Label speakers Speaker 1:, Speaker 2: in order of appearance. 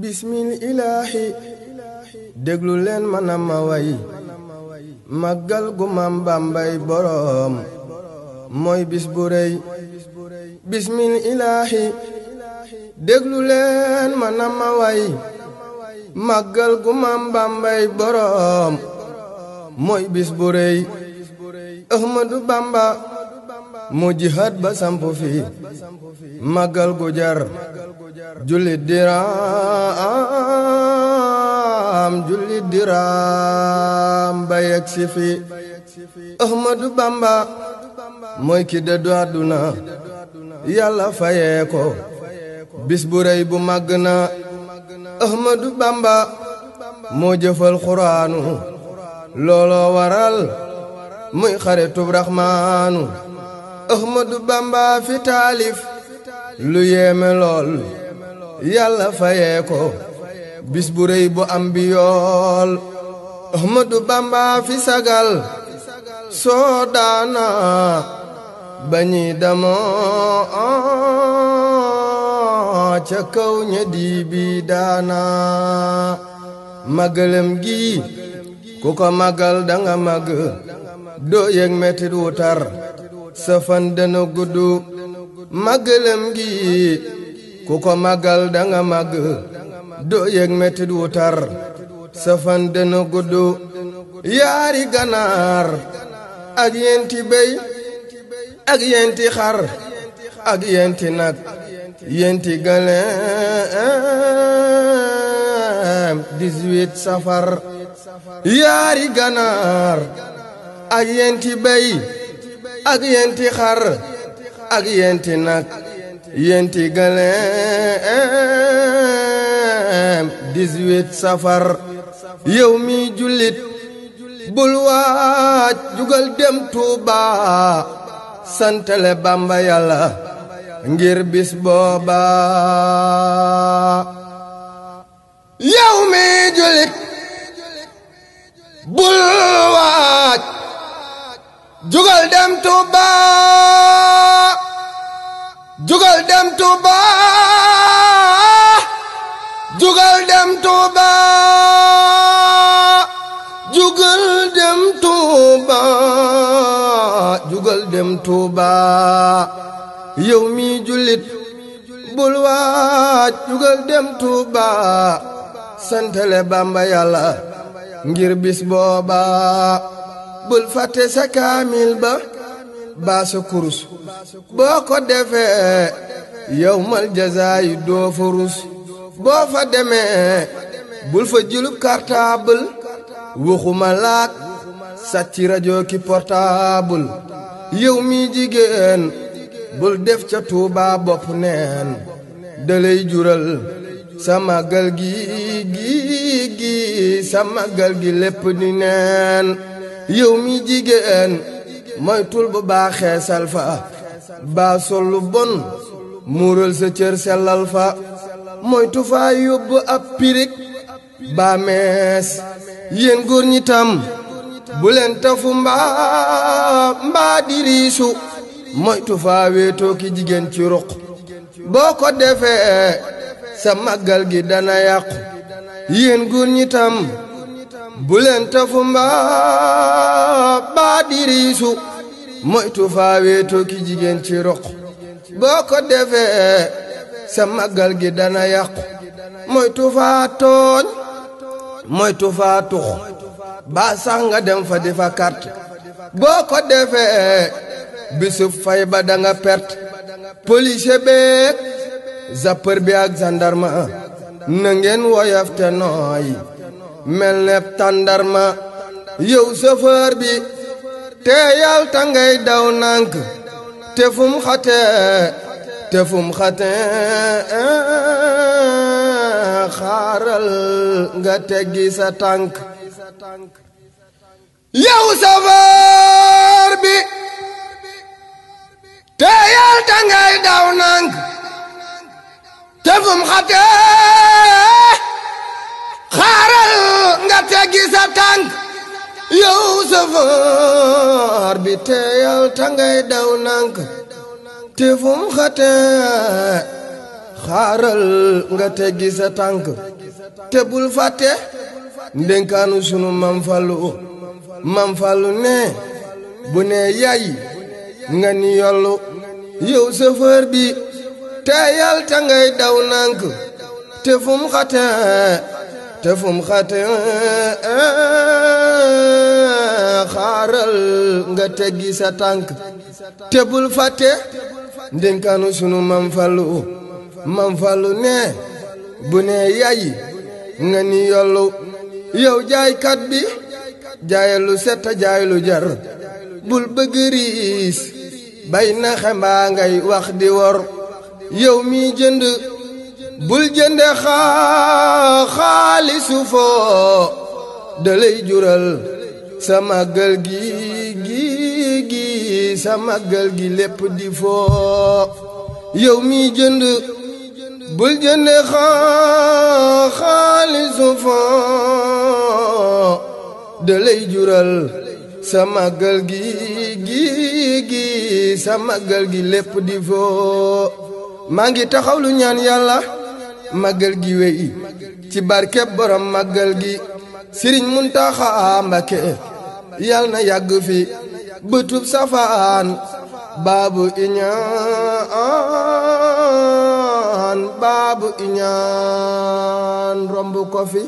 Speaker 1: bismil ilaahi déglu leen manam ma way gu maam bàmbay boroom mooy bismil ilaahi déglu leen manam ma way gu maam bàmbay boroom mooy bis bu rëy bamba mu jihaat ba sampo fi màggal gu jar jullit diraam jullit diraam ba yegg si fi ahmadu bamba mooy ki dëddu àdduna yàlla fayee ko bis bu rëy bu màgg na ahmadu bamba moo jëfal xuraanu looloo waral muy xaritub raxmaanu Ahmadu Bamba fi taalif lu yéeme lool yàlla fayee bis bu rëy bu am bi yool Ahmadu Bamba fi sagal soo daana bañi damoo ca kaw ña bi daana màggalam gi ku ko màggal danga màgg doo metit wu sa fan dana gudd màggalam ku ko màggal danga màgg doo yëg metit wu tar sa fan dana gudd yaari ganaar ak yenti béy ak yenti xar ak yenti nag yenti gëléem 18 safar yaari ganaar ak yenti béy ak yenti xar ak yenti nag yenti gëléem dix-huit safar yow mi jullit bul waaj jugal dem Tuuba santale Bamba Yàlla ngir bis booba mi jullit bul jugal dem Touba jugal dem Touba jugal dem Touba jugal mi jullit bul waaj jugal dem Touba santale Bamba Yàlla ngir bis booba bul fàtte sa kaamil ba baa sa boo ko defee yow mal jazaayu doo fa rus boo fa demee bul fa jëlub cartable waxuma laak sàcc rajo ki mi jigéen bul def ca tuubaa bopp neen dalay jural sa magal gi gi gi sa magal gi lépp di neen yow mi jigéen moytul bu baax xeesal fa baa sol bon muural sa cër sellal fa moytu faa yóbbu ab pirig baa yéen góor ñi tam bu tafu mbaa mbaa di riisu moytu faa wéetoo ki jigéen ci ruq boo ko defee sa màggal gi dana yàqu yéen góor ñi tam buleen tafu mbaa baa diriisu moytu faaweetoo ki jigéen ci roq boo ko defee sa magal gi dana yàqu moytu faa tooñ moytu faa tux baa sax nga dem fa di fa kart boo ko defee bisub fay ba da nga perte polise beeg bi ak gendarme na ngeen woyof te nooy mel nepp tàndarma yow sëfër bi te yàl ta ngay daw nànk te fum xate te xaaral nga teggi sa tànk yow bi te yàl ta ngay daw nànk te safar bi teyal tangay daw nank te fum xate xaaral nga teggi sa tànk te bul fàtte ndénkaanu sunu mam fallu mam fallu ne bu ne yay nga ni yollu yow bi teyal tangay daw nank te fum xate te fum eh, eh, eh. la xaaral nga teggi sa tànk te bul fàtte ndinkanu sunu mam fallu mam fallu ne bu ne yayi nga ni yollu yow jaaykat bi jaayal set jaay lu jar bul bëgg bay na ngay wax di wor yow mi jënd bul jënde xaa xaalisu foo dalay jural sa màggal gi gi gi sa màggal gi lépp di foo yow mi jënd bul jënd xaalisu foo da jural sa màggal gi gi gi sa màggal gi lépp di foo maa ngi taxaw ñaan yàlla màggal gi wey ci barkeb borom màggal gi Sëriñ Muntaxa Mbàkke yal na yàgg fi bëtub safaan baabu iñaan baabu iñaan romb ko fi